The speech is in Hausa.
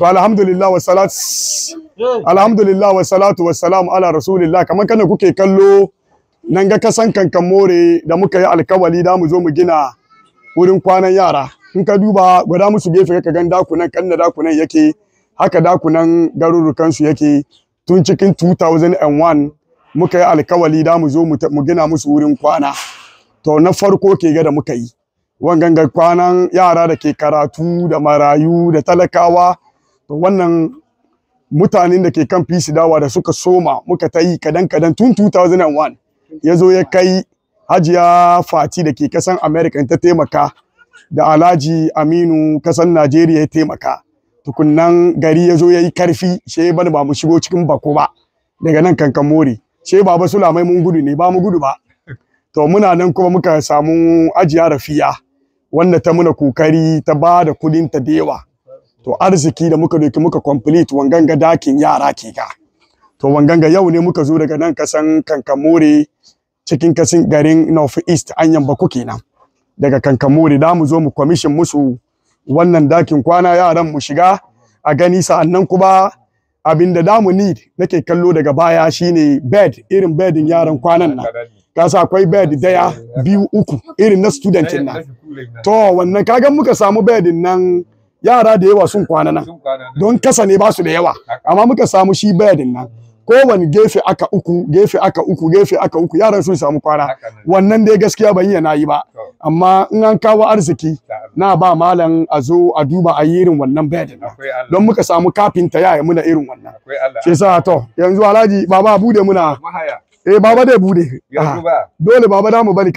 to alhamdulillah wa salat alhamdulillah wa salatu ala rasulillah kamar kana kuke kallo nan ga kasan kankan more da muka yi alkawali da mu zo mu gina wurin kwanan yara in ka duba gwada musu gefe ka gan dakunan kanna dakunan yake haka dakunan garurukan su yake tun cikin 2001 muka yi alkawali da mu zo mu gina musu wurin kwana to na farko ke ga da muka yi wangan ga kwanan yara da ke karatu da marayu da talakawa to wannan mutanen da ke kan fisi dawa da suka soma muka ta yi kadan kadan tun 2001 ya zo ya kai hajiya fati da ke kasan america ta taimaka da alhaji aminu kasan najeriya ya taimaka tukunnan gari ya zo ya yi karfi she ban ba mu shigo cikin bako ba daga nan kankan mori she baba sulamai mun gudu ne ba mu gudu ba to muna nan kuma muka samu Hajiya rafiya wanda ta muna kokari ta ba da kudin ta da yawa to arziki da muka doki muka complete wanganga dakin yara ke ga to wanganga yau ne muka zo daga nan kasan kankamore cikin kasin garin north east anyan bako kenan daga kankamore da mu zo mu commission musu wannan dakin kwana yaran mu shiga a gani sa'annan kuma abinda da mu need nake kallo daga baya shine bed irin bedin yaran kwanan nan kasa akwai bed daya biyu uku irin na student nan to wannan kaga muka samu bedin nan yara da yawa sun kwana nan don kasa ne ba su da yawa amma muka samu shi bayadin nan kowane gefe aka uku gefe aka uku gefe aka uku yaran sun samu kwana wannan dai gaskiya ban iya nayi ba amma in an kawo arziki na ba malam a zo a duba a irin wannan bayadin don muka samu ta yaya muna irin wannan shi sa to yanzu alhaji baba bude muna eh baba dai bude dole baba da mu bari